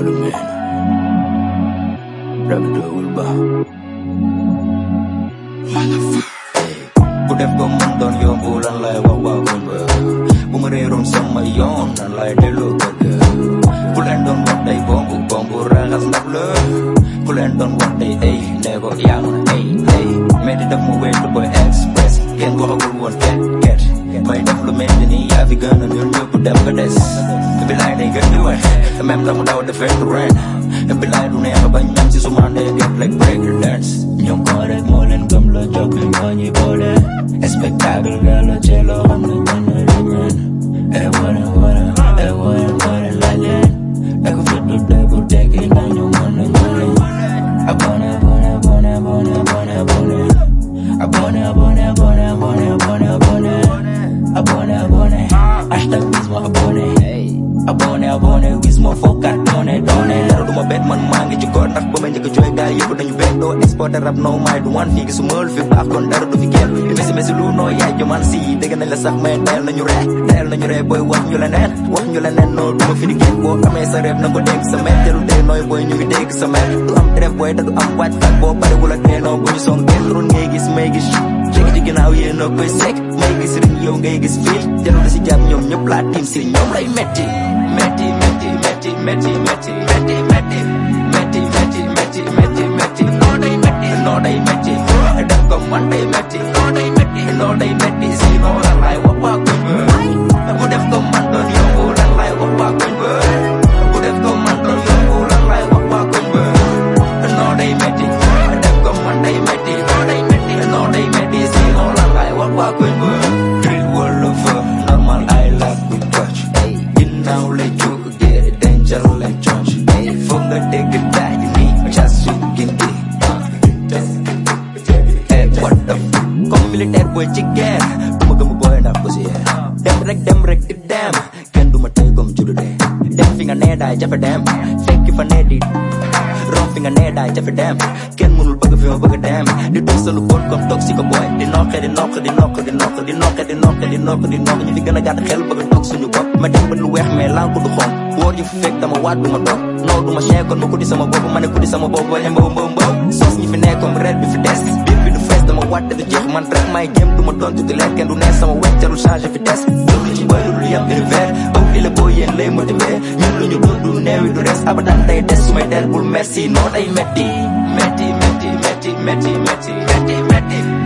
xoolu meen rab doowul ba ku def ko mën doon yombu lan lay wax waa kumba bu ma réeroon sama yoon lan lay delloo bëgg ku leen doon wax tey bombu bombu raxas ndab la ku leen doon wax tey ay ne ko yaa ma ay ay mais di def mu wéetu boy express kenn waxagul woon ket ket may def lu mel ni yaa fi gën a ñun ñëpp dem ba des The map down without the fake red Em bên lại đu nè bánh nhắm chỉ số màn để get like breaker dance Nhóm có đẹp mỗi I burn it, burn it, burn I burn it, burn it, burn it, burn it, burn it, burn it I burn it, burn it, abone ma ma njëkk jooy gaay yëpp dañu bett doo exporté rap no maay du wan fii gisu malu booy wax ñu leneen wax ñu leneen noo boo amee sa reeb na ko dégg sa mère teru dee nooy booy ñu ngi dégg sa mère du am trêve booy te du am waaj fag boo parewul ak nee noo bu ñu song kenn run ngay gis may gis ci ginnaaw yéen noo koy sekk may gis riñ yow ngay gis fii jarul si jàpp ñoom ñëpp laa tiim si ñoom lay metti metti metti metti metti metti metti metti metti metti metti metti noo day metti noo day metti def ko man day metti noo day metti noo day metti si noo lan laay wax waa kuñ ba ku def ko man doon yombu lan laay wax waa kuñ ba ku def ko man doon yombu lan laay wax waa kuñ ba noo day metti def ko man day metti noo day metti noo day metti si noo lan laay wax waa kuñ ba drill wall over normal I like we touch ginnaaw lay jóg jarul lay coono foog nga dégg daay bi cas su gindi eh what the fuck comme militaire booy ci guerre bu ma gëm booy ndax poussière dem rek dem rek du ma tey comme julu dem fi nga nee daay jafe dem fekki fa nee fi nga nee daay jafe dem kenn mënul bëgg fi ma bëgg dem di toog sa lu bon kon toog si ko booy di noqe di noq di noq di noq di noqe gën a gàtt xel bëgg toog suñu bopp ma dem ba lu weex mais lànk du xoom wóor ñu fi fekk dama waat du ma toog noo du ma chien kon ma ko di sama bopp ma ne ko sama bopp a mbaw mbaw mbaw sos ñi fi nekkoon reer bi fi des biir bi du fees dama wàtte du jeex man rek may jéem du ma tontu kenn du ne sama weccaru changé lu lay motiver ñun lu ñu dund neewi du res abadan day des su may der bul merci noo day metti metti metti metti metti metti metti metti